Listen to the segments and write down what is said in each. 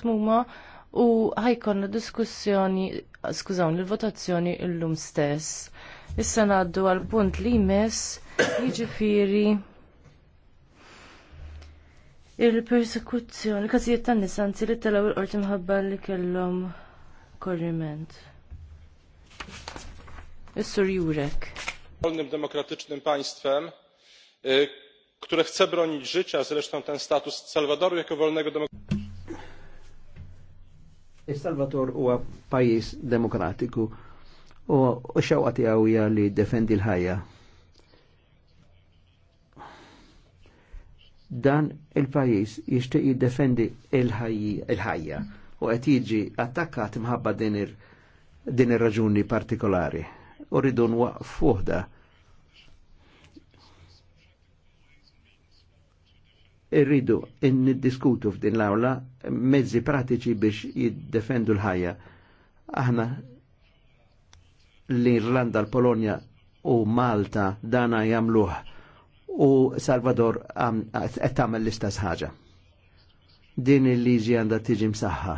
tmuma u ħajkonna diskussjoni, skużawni, il-votazzjoni l-lum stess. Issa naddu għal punt li jmess jġifiri il-persekuzzjoni, każijiet tan nisanzi li telaw l qorti mħabba li kellom korriment. Issur Jurek. Wolnym demokratycznym państwem, które chce bronić życia, zresztą ten status Salwadoru jako wolnego demokratycznego Il-Salvator huwa pajis demokratiku u xewqa tiegħu hija li defendi l-ħajja. Dan il-pajis jixtieq jiddefendi l ħajja u qed jiġi attakkat mħabba din ir-raġuni partikolari. u rridu nwaqfuh da' irridu niddiskutu f'din l-awla mezzi pratiċi biex jiddefendu l-ħajja. Aħna l-Irlanda, l-Polonja u Malta dana jamluħ u Salvador qed tagħmel l istas ħaġa. Din il-liġi għandha tiġi msaħħa.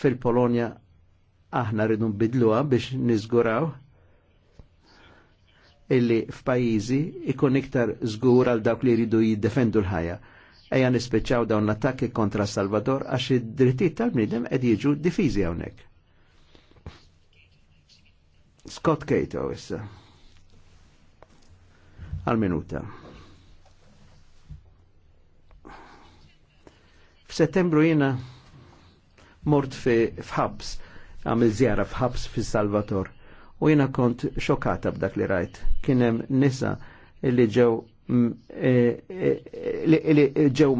Fil-Polonja aħna rridu nbidluha biex niżguraw illi f'pajjiżi ikun iktar żgur għal dawk li jridu jiddefendu l-ħajja eja nispeċaw dawn l-attakki kontra Salvador għax id-drittijiet tal bnidem qed jiġu diffiżi hawnhekk. Scott Cato issa. Għal-minuta. F'Settembru jiena mort fi f'ħabs, għamil zjara f'ħabs fi Salvator. U jiena kont xokata b'dak li rajt. Kienem nisa illi ġew li ġew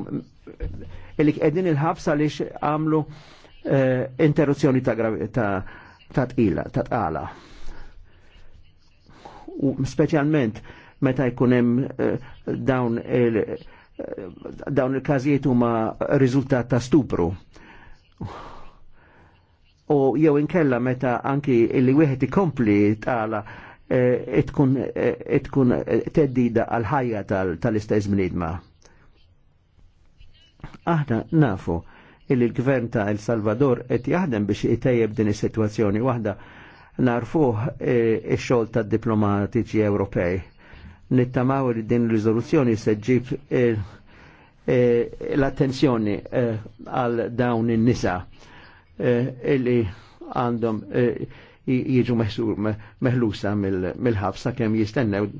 li qegħdin il ħabsa li għamlu eh, interruzzjoni ta' tqila, ta' tqala. U speċjalment meta jkun hemm eh, dawn il- eh, dawn il-każijiet huma riżultat ta' stupru u jew inkella meta anki illi wieħed ikompli tala Eh, tkun eh, eh, teddida għal ħajja tal-istess mlidma. Aħna nafu illi l-gvern ta' El Salvador qed jaħdem biex itejjeb din is-sitwazzjoni waħda narfuh ix-xogħol tad-diplomatiċi Ewropej. Nittamaw li din riżoluzzjoni se ġib l-attenzjoni għal dawn in-nisa illi għandhom jiġu meħlusa mill-ħabsa kemm jistennew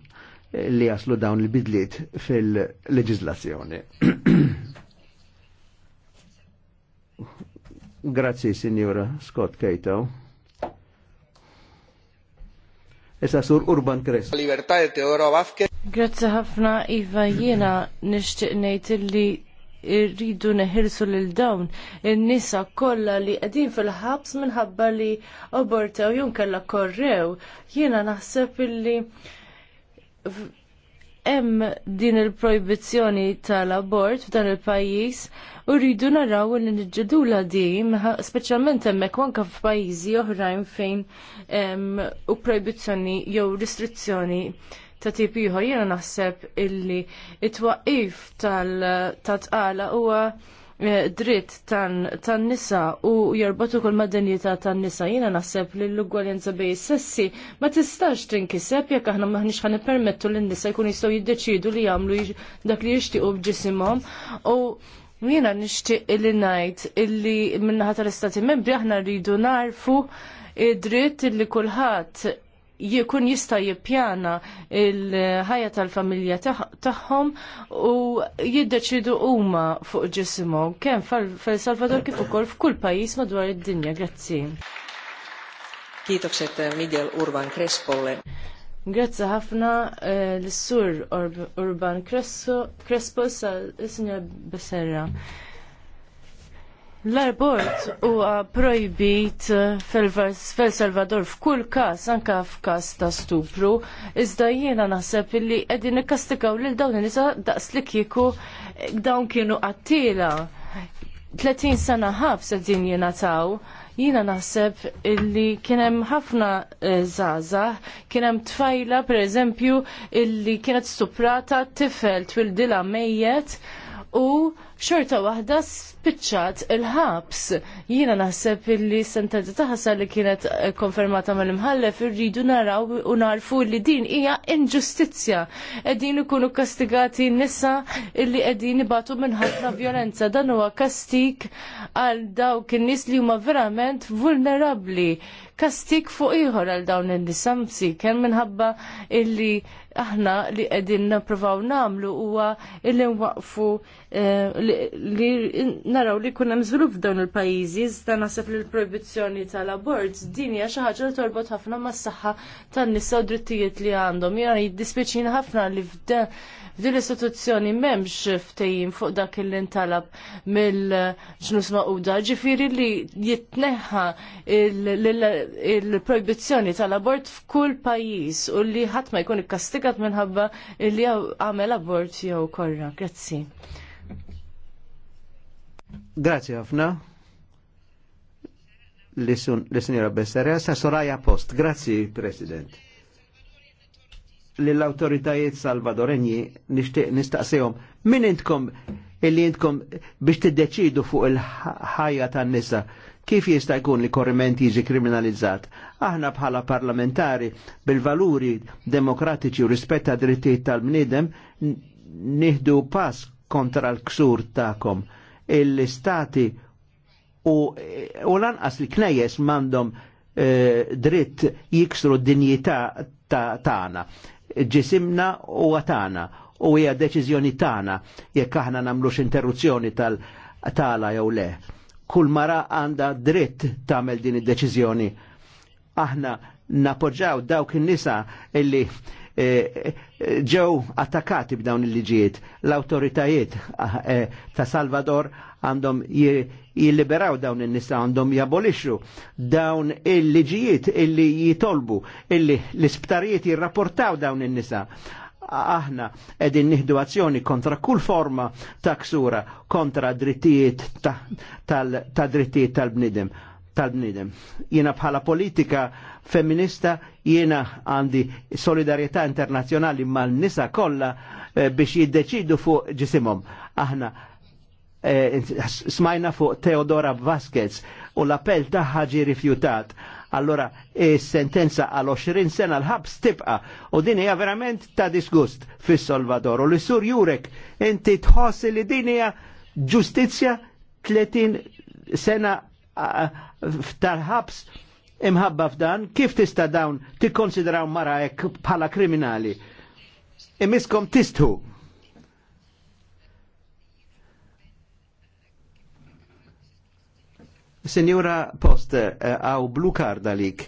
li jaslu dawn il-bidliet fil-leġizlazzjoni. Grazzi, Signora Scott Cato. Issa sur Urban Crespo. Libertà Teodoro Vázquez. Grazzi ħafna, Iva, jiena nixtieq ngħid illi irridu neħirsu lil dawn in-nisa kollha li qegħdin fil-ħabs minħabba li abortew jew kellha korrew. Jiena naħseb illi hemm din il-projbizzjoni tal-abort f'dan il-pajjiż u rridu naraw li niġġedula din speċjalment hemmhekk anke f'pajjiżi oħrajn fejn hemm u projbizzjoni jew ristrizzjoni ta' tip ieħor jiena naħseb illi it-twaqqif tal-tqala huwa Eh, dritt tan-nisa u jorbotu kol madenjita tan-nisa jiena naħseb li l-ugwaljanza bej sessi ma tistax tinkiseb jekk aħna maħniex ħan permettu lin-nisa jkun jistgħu jiddeċidu li jagħmlu dak li jixtiequ b'ġisimhom u jina nixtieq li ngħid illi minnaħat tal-istati membri aħna rridu narfu id-dritt li kulħadd jikun jista jippjana il-ħajja tal-familja tagħhom u jiddeċidu huma fuq ġisimhom kemm fil-Salvador kif ukoll f'kull pajjiż madwar id-dinja. Grazzi. Kiitokset eh, Miguel Urban Crespolle. Grazzi ħafna eh, l-sur Urban Crespo, sal-Isnja Beserra. L-arbort huwa projbit eh, fil-Salvador f'kull każ anke f'każ ta' stupru, iżda jiena naħseb li qegħdin ikkastikaw lil dawn nisa daqs li kieku dawn kienu qattila. 30 sena ħabs qegħdin jingħataw Jiena naħseb illi kienem ħafna eh, zaza, kienem tfajla per eżempju illi kienet stuprata tifel twildila mejjet u xorta wahda spiċċat il-ħabs. Jiena naħseb li sentenza ta' ħasar li kienet eh, konfermata mal-imħallef irridu naraw u narfu li din hija inġustizzja. Qegħdin ikunu kastigati nisa illi qegħdin ibatu minn ħafna violenza. Dan huwa kastik għal dawk in-nies li huma verament vulnerabbli kastik fuq ieħor għal dawn in-nisa kemm minħabba illi aħna li qegħdin nippruvaw nagħmlu huwa illi nwaqfu eh, li naraw li jkun hemm f'dawn il-pajjiżi iżda naħseb li l-proibizzjoni tal-abort din hija xi ħaġa li torbot ħafna mas-saħħa tan-nisa u drittijiet li għandhom. Jiena jiddispiċin ħafna li f'din l-istituzzjoni m'hemmx ftehim fuq dak li ntalab mill-ġnus maquda, ġifieri li jitneħħa il-proibizzjoni tal-abort f'kull pajjiż u li ħadd ma jkun ikkastigat minħabba li għamel abort jew korra. Grazzi. Grazie ħafna. L-Sinjora Besserja, sa Soraya Post. Grazie, President. L-autoritajiet salvadoregni nistaqsijom nista min intkom illi intkom biex tiddeċidu fuq il-ħajja tan nisa kif jista' jkun li korriment jiġi kriminalizzat. Aħna bħala parlamentari bil-valuri demokratiċi u rispetta drittijiet tal-bniedem nieħdu pass kontra l-ksur ta'kom l-istati u, u lanqas li knejjes mandom eh, dritt jiksru d-dinjità tagħna. Ġisimna u għatana u hija deċiżjoni tagħna jekk aħna nagħmlux interruzzjoni tal-tala jew le. Kull mara għandha dritt tagħmel din id-deċiżjoni. Aħna napoġġaw dawk in-nisa illi Eh, eh, ġew attakati b'dawn il-liġijiet. L-autoritajiet eh, ta' Salvador għandhom jilliberaw dawn il-nisa, għandhom jabolixxu dawn il-liġijiet illi jitolbu, illi l-isptarijiet jirrapportaw dawn il-nisa aħna edin nihdu azzjoni kontra kull forma ta' ksura, kontra drittijiet ta', drittijiet tal-bnidem tal-bnidem. Jiena bħala politika feminista jiena għandi solidarietà internazjonali mal-nisa kollha eh, biex jiddeċidu fuq ġisimhom. Aħna eh, smajna fuq Teodora Vasquez u l-appell tagħha ġi rifjutat. Allora, sentenza għal 20 sena l-ħabs tibqa u din hija verament ta' disgust fis salvador U li sur Jurek, inti tħossi li din hija ġustizzja 30 sena f'tarħabs imħabba f'dan, kif tista' dawn tikkonsidraw mara marajek bħala kriminali? Imiskom tistħu. Senjura Post, għaw eh, blu card lik.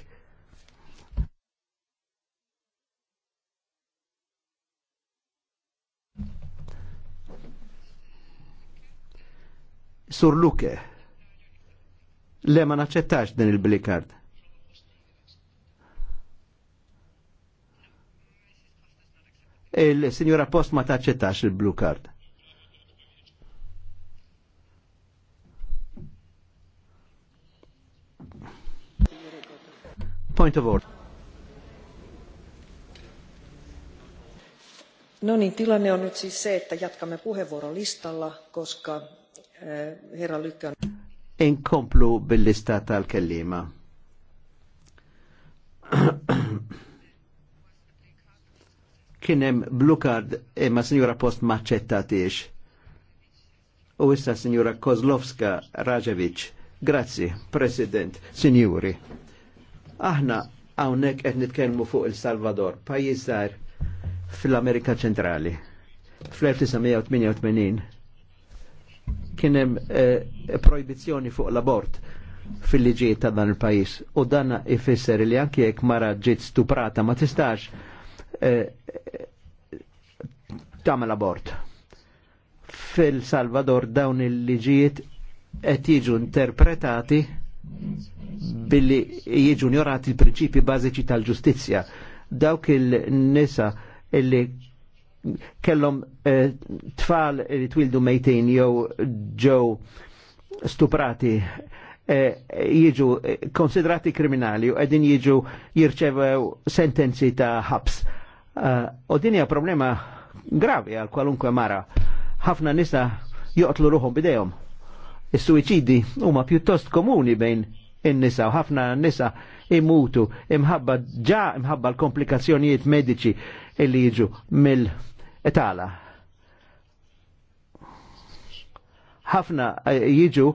Sur Luke. Le ma naċċettax din il-blikard. Il-Sinjora Post ma taċċettax il-blue card. Point of order. No niin, tilanne on nyt siis se, että jatkamme puheenvuorolistalla, koska äh, herra Lykkä on inkomplu bil-lista tal-kellima. Kienem blukard card imma signora Post maċċettatiex. U issa signora Kozlovska Rajevic. Grazzi, President, Signori. Aħna hawnhekk qed nitkellmu fuq il-Salvador, pajjiż fil fl-Amerika Ċentrali. Fl-1988 kien hemm eh, proibizjoni fuq l-abort fil-liġi ta' dan il-pajis. U dan ifisser li anki jekk mara ġiet stuprata ma tistax eh, tagħmel abort. Fil-Salvador dawn il-liġijiet qed jiġu interpretati billi jiġu njorati l-prinċipi bażiċi tal-ġustizzja. Dawk il-nisa illi kellhom eh, tfal li twildu mejtin jew ġew stuprati eh, jiġu eh, konsidrati kriminali u qegħdin jiġu jirċevew sentenzi ta' ħabs. U din hija problema gravi għal kwalunkwe mara. Ħafna nisa joqtlu ruhom bidejhom. Is-suiċidi huma pjuttost komuni bejn in-nisa u ħafna nisa imutu imħabba ġa imħabba l-komplikazzjonijiet mediċi illi jiġu mill- tala. ħafna eh, jiġu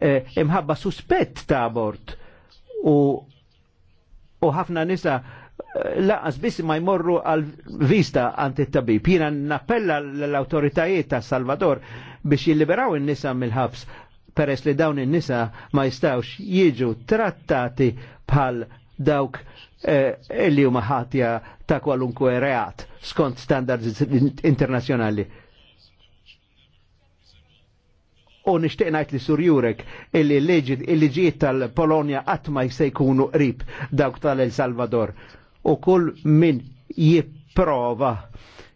eh, imħabba suspett ta' abort u ħafna nisa eh, laqas biss ma jmorru għal vista għant it-tabib. Jina nappella l-autoritajiet ta' Salvador biex jilliberaw in-nisa mill-ħabs peress li dawn in-nisa ma jistawx jiġu trattati bħal dawk eh, li huma ħatja ta' kwalunkwe reat skont standards internazzjonali. U nixtieq ngħid li sur Jurek illi l-liġijiet tal-Polonja qatt ma jista jkunu qrib dawk tal-El Salvador. U kull min jipprova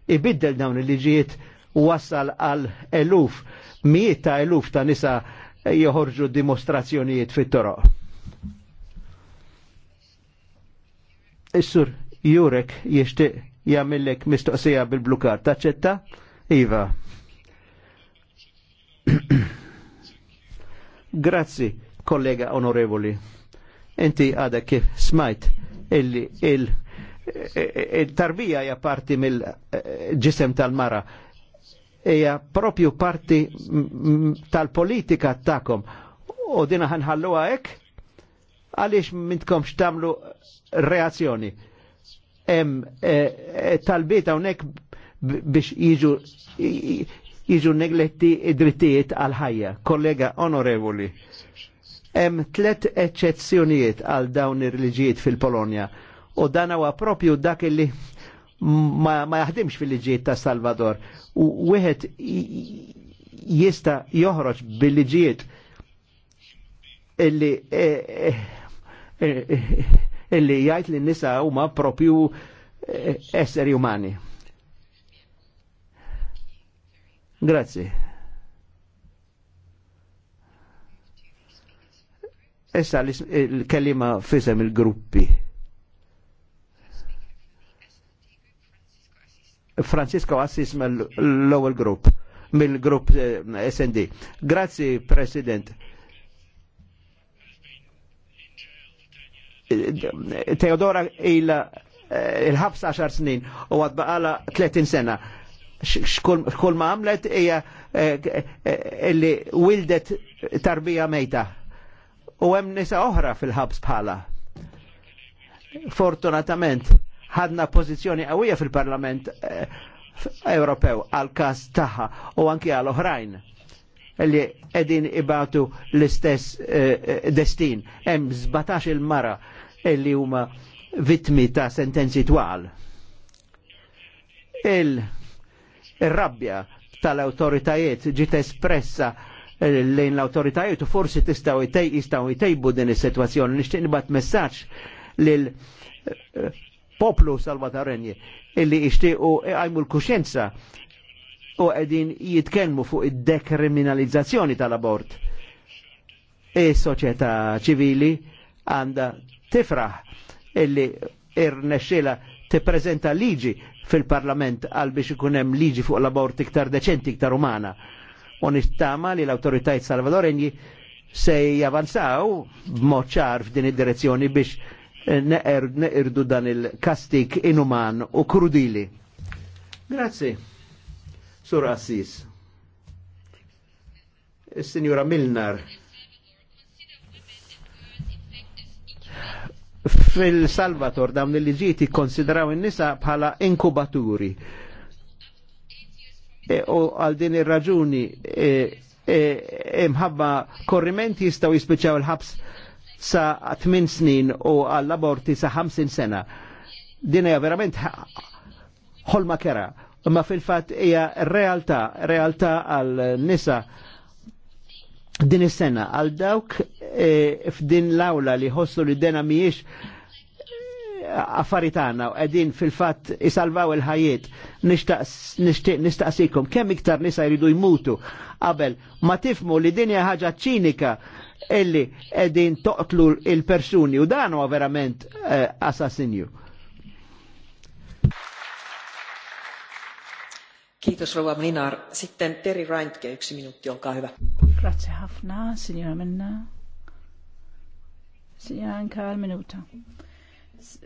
ibiddel dawn il-liġijiet wasal għal eluf, mijiet ta' eluf ta' nisa joħorġu dimostrazzjonijiet fit-toroq. Is-sur Jurek jishtiq jagħmilek mistoqsija bil blukar Taċċetta? Iva. Grazzi, kollega onorevoli. Inti għada kif smajt illi il- il-tarbija ja parti mill-ġisem tal-mara hija propju parti tal-politika takom. u dina ħanħalluha hekk għaliex mintkomx tamlu reazzjoni. Em e, e, talbiet hawnhekk biex jiġu jiġu negletti id-drittijiet għal-ħajja. Kollega onorevoli, hemm tlet eċċezzjonijiet għal dawn ir-reliġijiet fil-Polonja u dan huwa propju dak li ma, ma jaħdimx fil-liġijiet ta' Salvador. U wieħed jista joħroġ bil-liġijiet illi eh, eh, illi jgħid li nisa huma propju eh, esseri umani. Grazie. Issa l-kelima fisem il-gruppi. Francisco Assis mill-ewwel grupp, mill-grupp eh, SND. Grazie President. Teodora eh, il-ħabs il 10 snin u għad baqala 30 sena. Xkull ma għamlet hija eh, eh, illi wildet tarbija mejta. U hemm nisa oħra fil-ħabs bħala. Fortunatament ħadna pożizzjoni qawwija fil-Parlament Ewropew għal kas taħħa u anki għal oħrajn li edin ibatu l-istess destin. Hemm 17 il-mara illi huma vittmi ta' sentenzi twal. Il-rabbja il tal-autoritajiet ġiet espressa eh, lejn l-autoritajiet u forsi tistaw jistaw jtejbu din is-sitwazzjoni. Nixtieq nibgħat messaġġ lil eh, poplu salvatarenji illi ixtiequ għajmu l kuxenza u qegħdin jitkellmu fuq id-dekriminalizzazzjoni tal-abort. E soċjetà ċivili għandha tifraħ illi irnexxila tippreżenta liġi fil-Parlament għal biex ikun hemm liġi fuq l-abort iktar deċenti, iktar umana. U nittama li l-awtoritajiet salvadorenji se javanzaw b'mod ċar f'din id-direzzjoni biex eh, neqerdu dan il-kastik inuman u krudili. Grazzi, Sur Assis. Signora Milnar. Fil-Salvator dawn il-liġiet ikkonsidraw in-nisa bħala inkubaturi. E, u għal din ir-raġuni imħabba e, e, korrimenti jistgħu jispiċċaw il-ħabs sa 8 snin u għall-aborti sa 50 sena. Din hija verament ħolma kera, ma fil-fatt hija realtà, realtà għal nisa din is-sena għal dawk f'din l-awla li ħossu li dena mhijiex affaritana u għedin fil-fat isalvaw il-ħajiet nistaqsikom kemm iktar nisa jridu jmutu qabel ma tifmu li dinja ħaġa ċinika illi edin toqtlu il-persuni u dan huwa verament eh, assassinju. Kiitos Rova Mlinar. Sitten Terry Reintke, yksi minuutti, olkaa hyvä. Grazie ħafna, signora Minna. Signora Anka, minuta.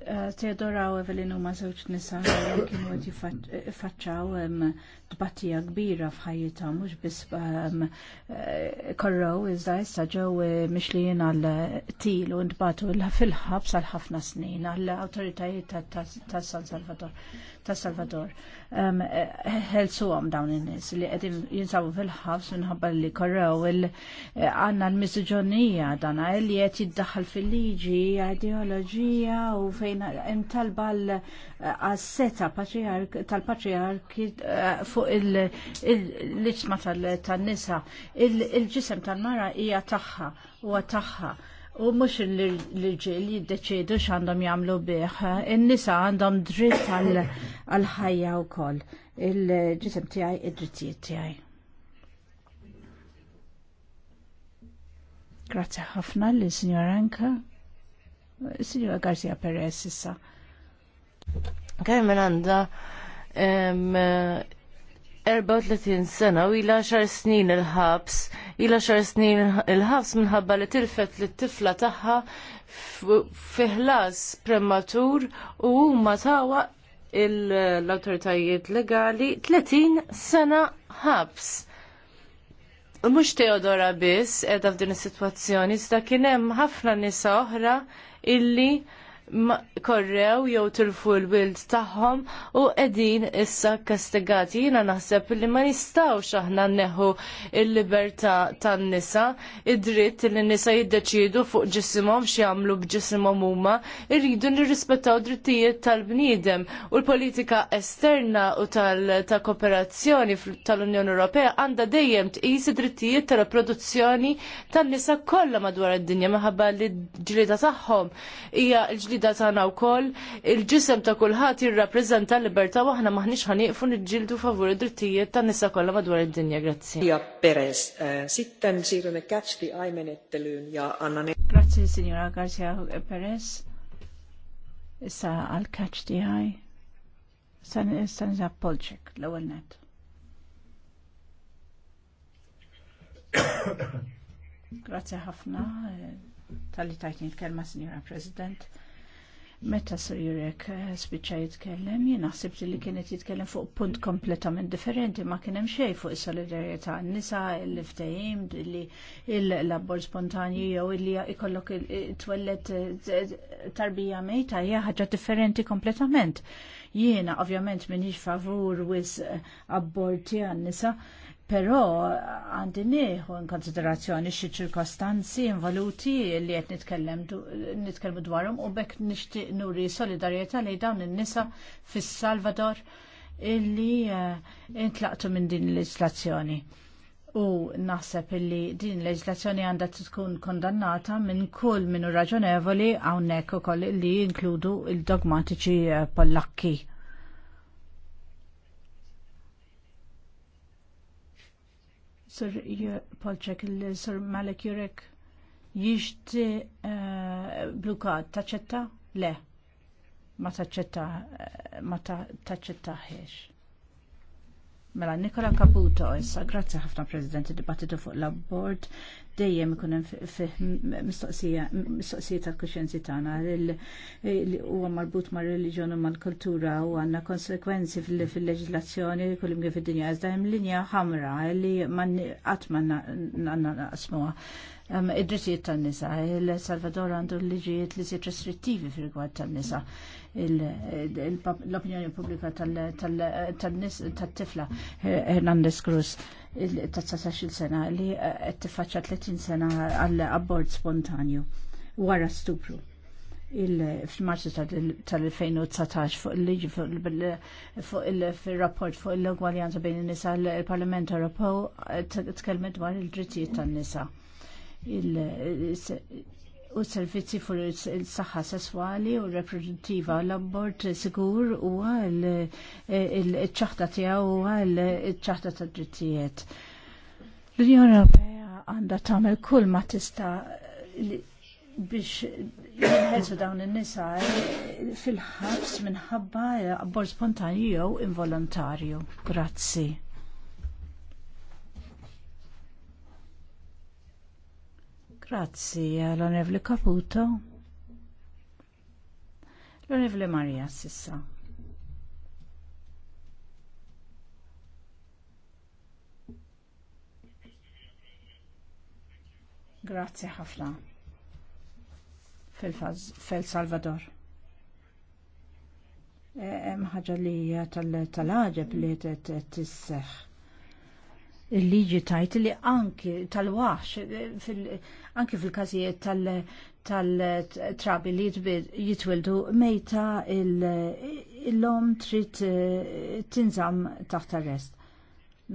Eh, Teodora u Evelyn u mażewċ nisa kienu qed jifacċaw eh, tbatija kbira f'ħajjita mhux biss ehm, eh, korrow iżda issa ġew eh, mixlijin għal til u ntbatu fil-ħabs għal ħafna snin għall awtoritajiet tas San Salvador. Ta' Salvador. Helsuhom ehm, eh, dawn in-nies li qegħdin jinsabu fil-ħabs minħabba li korrew għandna l-miżġonija dana li qed jiddaħħal fil-liġi ideoloġija u fejn hemm talba għal seta tal-patriarki fuq fuq il ġisma tal-nisa. Il-ġisem tal-mara hija tagħha u tagħha. U mux l-ġil jiddeċidu x'għandhom jagħmlu bih. In-nisa għandhom dritt għal-ħajja wkoll. Il-ġisem tiegħi id-drittijiet tiegħi. Grazie ħafna li signor Anka. Signora Garcia Perez issa. Carmen għanda 34 sena u ila xar snin il-ħabs, ila xar snin il-ħabs minħabba li tilfet li t-tifla taħħa fiħlas prematur u ma tawa l-autoritajiet legali 30 sena ħabs. Mux Teodora biss edha f'din is-sitwazzjoni, iżda kien hemm ħafna nisa oħra illi korrew jew tilfu l-wild tagħhom u qegħdin issa kastigati. Jiena naħseb li ma nistgħux aħna nneħħu l libertà tan-nisa, id-dritt li n-nisa jiddeċiedu fuq ġisimhom x'jagħmlu b'ġisimhom huma, irridu nirrispettaw drittijiet tal-bniedem u l-politika esterna u tal-kooperazzjoni tal-Unjoni Ewropea għandha dejjem tqis id-drittijiet tal-produzzjoni tan-nisa kollha madwar id-dinja minħabba li d-ġlieda tagħhom hija l-ġlieda ġlieda tagħna wkoll il-ġisem ta' kulħadd jirrappreżenta l-libertà u aħna maħniex ħanieqfu niġġieldu favur id-drittijiet tan-nisa kollha madwar id-dinja. Grazzi. Ja Perez, eh, sitten siirrymme catch the eye menettelyyn ja annan Grazzi signora Garcia Perez. Issa għal catch the eye. San issa Polczek l-ewwel net. Grazie ħafna eh, tal-li tajtni l-kelma, Signora President. Meta Sir Jurek eh, spiċċa jitkellem, jina naħseb li kienet jitkellem fuq punt kompletament differenti, ma kien hemm fuq is-solidarjetà n-nisa, il ftehim li l-abbor spontanju jew li ikollok twellet eh, tarbija mejta hija ħaġa differenti kompletament. Jiena ovvjament minix favur wis eh, abbord tiegħu nisa Però għandi nieħu in konsiderazzjoni xi ċirkostanzi involuti li qed nitkellem nitkellmu dwarhom u bekk nixtieq nuri solidarjetà lejn dawn in-nisa fis-Salvador illi eh, intlaqtu minn din il-leġislazzjoni. U naħseb illi din l leġislazzjoni għandha tkun kondannata minn kull minnu raġonevoli hawnhekk ukoll li jinkludu il-dogmatiċi eh, pollakki Sur Polczek, il-Sur Malek Jurek jixti eh, blukat, taċċetta? Le, ma taċċetta, eh, ma taċċetta ħiex. Mela, Nikola Caputo, issa, grazzi ħafna President, dibattitu fuq l-abbord, dejjem ikun mistoqsija tal-kuxjenzi tagħna li huwa marbut mar reliġjon u mal-kultura u għandna konsekwenzi fil-leġislazzjoni kullim kif id-dinja iżda hemm linja ħamra li qatt ma naqsmuha id-drittijiet tan-nisa. Il-Salvador għandu l-liġijiet li siet restrittivi fil-rigward tan-nisa. L-opinjoni pubblika tal-tifla Hernandez Cruz ta' 16 sena li eh, qed tiffaċċa 30 sena għall abbord spontanju wara stupru fil-marzu tal-2019 fuq il-liġi fuq il-rapport fuq il-ugwaljanza bejn in-nisa l-Parlament Ewropew eh, tkellmet dwar il-drittijiet tan-nisa u servizzi fur il-saħħa sesswali u reproduttiva l-abbord sigur u għal il-ċaħta tiegħu u għal il-ċaħta tad drittijiet. L-Unjoni Ewropea għandha tagħmel kull ma tista' biex jinħelsu dawn in-nisa fil-ħabs minħabba abbord spontanju jew involontarju. Grazzi. Grazzi, l Caputo. L-Onorevoli Maria, sissa. Grazzi ħafna. Fel Salvador. Eh, hemm ħaġa li tal-ħaġeb li tisseħ il-liġi tajt li anki tal-wax, anki fil-kazijiet tal-trabi li jitwildu mejta il-lom trid eh, tinżam taħt arrest.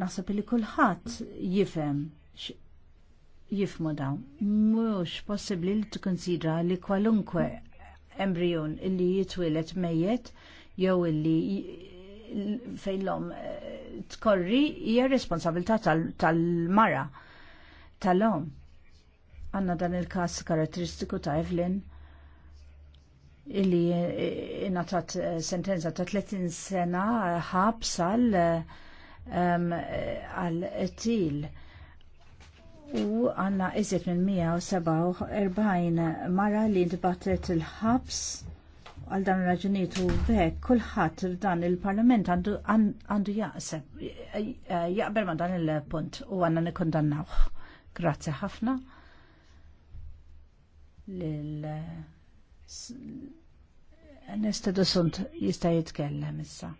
Nasab li kullħat jifem jifmu dawn. Mux possibli li tikkonsidra li kwalunkwe embryon li jitwilet mejet jew illi fejn l tkorri hija responsabilità tal-mara tal-om. Għanna dan il-kas karatteristiku ta' Evelyn illi ta' eh, sentenza ta' 30 sena ħabs għal għal etil u għanna iżiet minn 147 mara li intbatet il-ħabs għal dan raġuniet u bekk kulħadd dan il-Parlament għandu jaqseb jaqbel ma dan il-punt u għanna nikkondannawh. Grazzi ħafna lil Nestadu sunt jista' jitkellem issa.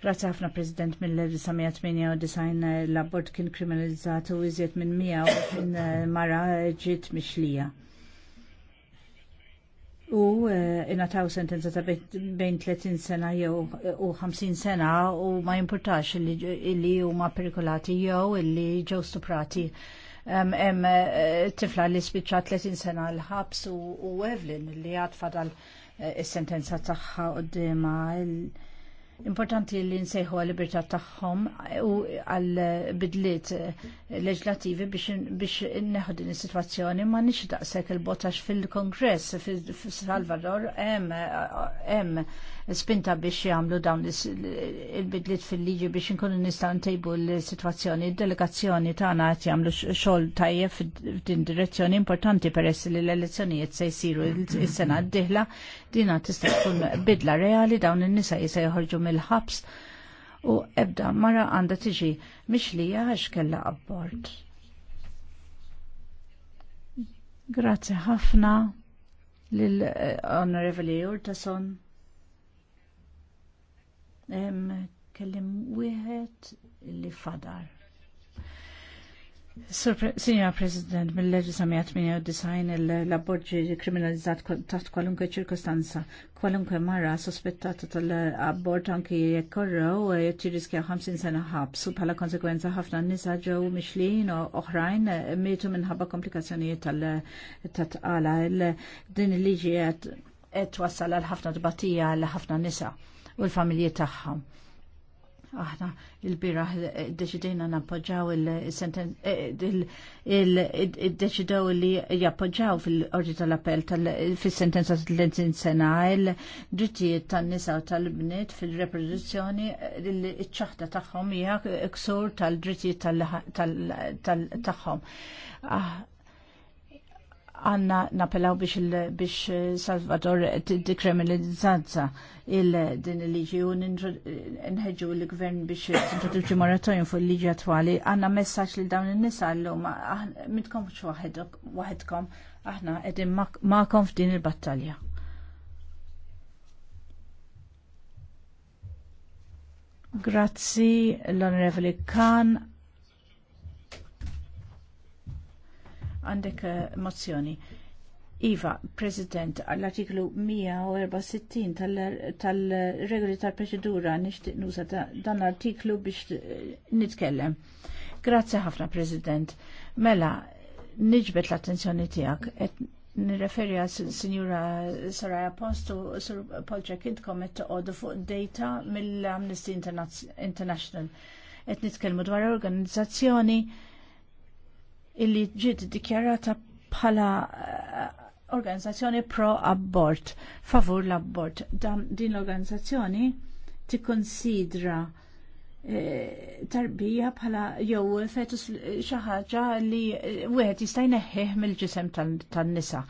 Grazzi ħafna President mill-1998 l-abort kien kriminalizzat u iżjed minn 100 mara ġiet mixlija u eh, inataw sentenza ta' bejn 30 sena jew eh, u 50 sena u ma jimportax illi huma perikolati jew illi ġew stuprati. Hemm eh, tifla li spiċċa 30 sena l-ħabs u Evelyn li għad fadal is-sentenza tagħha qudiema Importanti li nsejħu għal-libertà tagħhom u għal-bidliet leġlativi biex neħu din is-sitwazzjoni ma nix daqshekk il-botax fil-Kongress fis salvador hemm spinta biex jagħmlu dawn il-bidliet fil-liġi biex inkunu nistgħu ntejbu l-sitwazzjoni. Id-delegazzjoni tagħna qed jagħmlu xogħol tajjeb f'din direzzjoni importanti peress li l-elezzjonijiet se jsiru is-sena d-dieħla dina tista' tkun bidla reali dawn in-nisa jisa joħorġu mill-ħabs u ebda mara għanda tiġi mish li għax kella abbord. Grazie ħafna lill eh, onorevoli Urtason kellim wieħed li fadar. Signora President, mill-1998 l-abborġi kriminalizzat taħt kwalunkwe ċirkostanza, kwalunkwe marra sospettata tal-abbord anki jekkorrew tirriskja eh, 50 sena ħabs u pala konsekwenza ħafna nisa ġew mixlin u oħrajn eh, mietu minħabba komplikazzjonijiet tal-tatqala. Din il-liġi għet wassal għal ħafna tbatija għal ħafna nisa u l-familji tagħhom. Aħna il-biraħ deċidejna nappoġġaw il-deċidaw eh, li jappoġġaw fil-ordi tal-appell fil-sentenza tal-30 sena il-drittijiet tan-nisa u tal-bniet fil-reproduzzjoni il ċaħta tagħhom hija ksur tal-drittijiet tagħhom. Ah, għanna napelaw biex, Salvador dekriminalizzazza il-din il-liġi u nħedġu l-gvern biex introduċi moratorium fuq il-liġi attuali, għanna messaċ li dawn il-nisa l-lum mitkom waħedkom aħna edin maqom f'din il-battalja. Grazzi l-Onorevoli Khan Għandek eh, mozzjoni. Iva, President, għall-artiklu 164 tal-regoli tal-proċedura nixtieq nuża dan l-artiklu biex eh, nitkellem. Grazzi ħafna, President. Mela, niġbet l-attenzjoni tiegħek qed nirreferi għal Sinjura Soraya Postu, Sur Polċek, intkom qed toqgħodu fuq data mill-Amnesty International. Qed nitkellmu dwar organizzazzjoni illi ġiet dikjarata bħala eh, organizzazzjoni pro-abbort, favur l-abbort. din l-organizzazzjoni tikkonsidra eh, tarbija bħala jew fetus eh, xi ħaġa li wieħed jista' jneħħih mill-ġisem tan-nisa.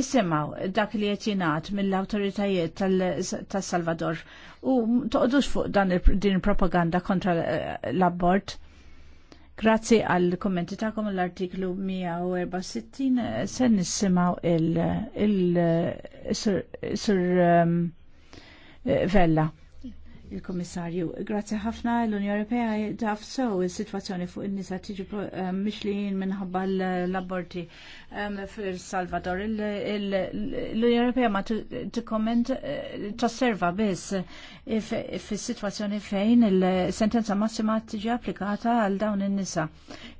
Issimaw dak li qed jingħad mill-awtoritajiet tas-Salvador u toqdux fuq dan din il-propaganda kontra l-abbort Grazzi għal kommenti ta'kom l-artiklu 164 se nissimaw il-sur il, il, il, um, Vella il-Komissarju. Grazzi ħafna l-Unjoni Ewropea daf sew is-sitwazzjoni fuq in-nisa tiġi eh, mixlin minħabba l-aborti fil-Salvador. L-Unjoni Ewropea ma tikkomment eh, tosserva biss fis-sitwazzjoni fejn il-sentenza massima tiġi applikata għal dawn in-nisa.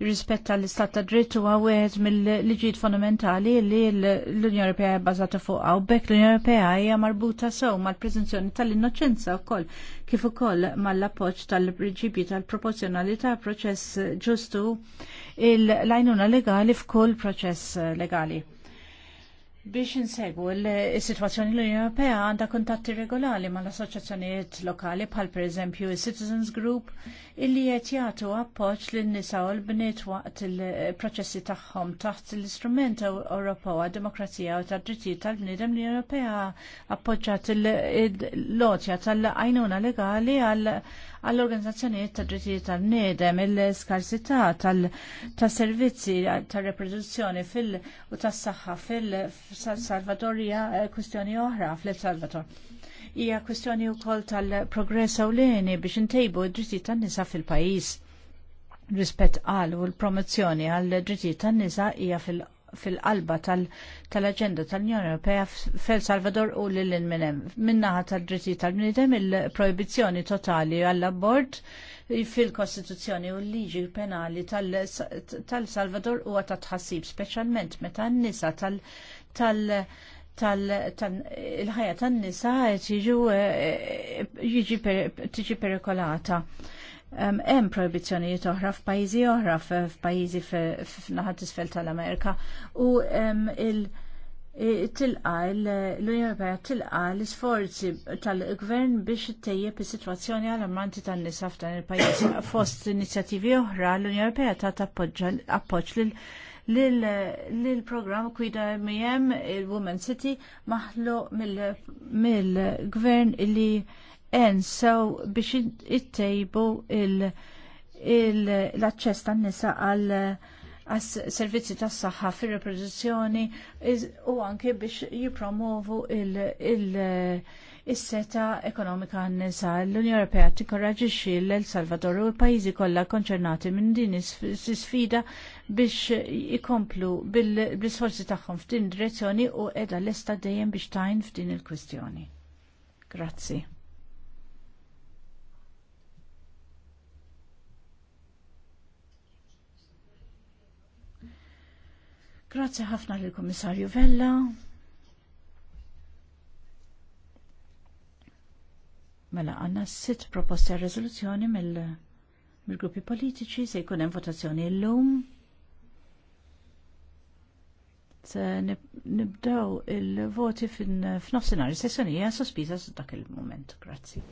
Rispett għall-istat ta' dritt huwa wieħed mill-liġijiet fondamentali li l-Unjoni Ewropea bbażata fuq hawnhekk l-Unjoni Ewropea hija marbuta sew mal-preżenzjoni tal-innoċenza wkoll kif ukoll mal-appoġġ tal-prinċipji tal-proporzjonalità proċess ġustu l-għajnuna legali f'kull proċess legali. Biex insegwu l-situazzjoni l-Unjoni Ewropea għandha kuntatti regolali mal assoċjazzjonijiet lokali bħal pereżempju il-Citizens Group illi qed jagħtu appoġġ lin nisa u l-bniet waqt il-proċessi tagħhom taħt l-istrument Ewropew għad-Demokrazija u tad-drittijiet tal-bniedem l-Unjoni Ewropea appoġġat l-lotja tal-għajnuna legali għal għall-organizzazzjonijiet ta' drittijiet tal-nedem, il-skarsità tal-servizzi tal-reproduzzjoni fil- u tas-saħħa fil- Salvador hija eh, kwistjoni oħra fl-El Salvador. Hija kwistjoni wkoll tal-progress ewlieni biex intejbu d-drittijiet tan-nisa fil-pajjiż rispett għal u l-promozzjoni għal drittijiet tan-nisa hija fil-qalba tal-aġenda tal-Unjoni Ewropea fel Salvador u lil minnem. Minnaħa tal-drittijiet tal-bniedem il-proibizzjoni totali għall-abort fil-Kostituzzjoni u l-liġi penali tal-Salvador huwa ta' tħassib, speċjalment meta n-nisa tal-, -tal tal- tal-ħajja tan-nisa eh, eh, tiġi perikolata. Hemm proibizzjonijiet oħra f'pajjiżi oħra f'pajjiżi f'naħat isfel tal-Amerika u il- eh, tilqa l-Unjoni Ewropea tilqa l-isforzi tal-gvern biex ittejjeb is-sitwazzjoni ammanti tan-nisa f'dan il-pajjiż fost inizjattivi oħra l-Unjoni Ewropea tat appoġġ lil l-program Kwida mijem il-Women City maħlu mill-gvern li ensaw biex ittejbu l-access tan-nisa għal servizzi tas saħħa fir reproduzzjoni u anke biex jipromovu il-, il is-seta ekonomika għan-nisa. L-Unjoni Ewropea tikkoraġixxi l-El Salvador u l-pajjiżi kollha konċernati minn din is-sfida biex ikomplu bil isforzi tagħhom f'din direzzjoni u qiegħda lesta dejjem biex tajn f'din il-kwistjoni. Grazzi. Grazie ħafna lill-Kummissarju Vella. Mela għanna sitt proposti għal rezoluzzjoni mill-gruppi politiċi se jkun hemm votazzjoni l-lum. Se nibdaw il-voti f'nofsinhar is-sessjonija sospiża dak il-moment. Grazzi.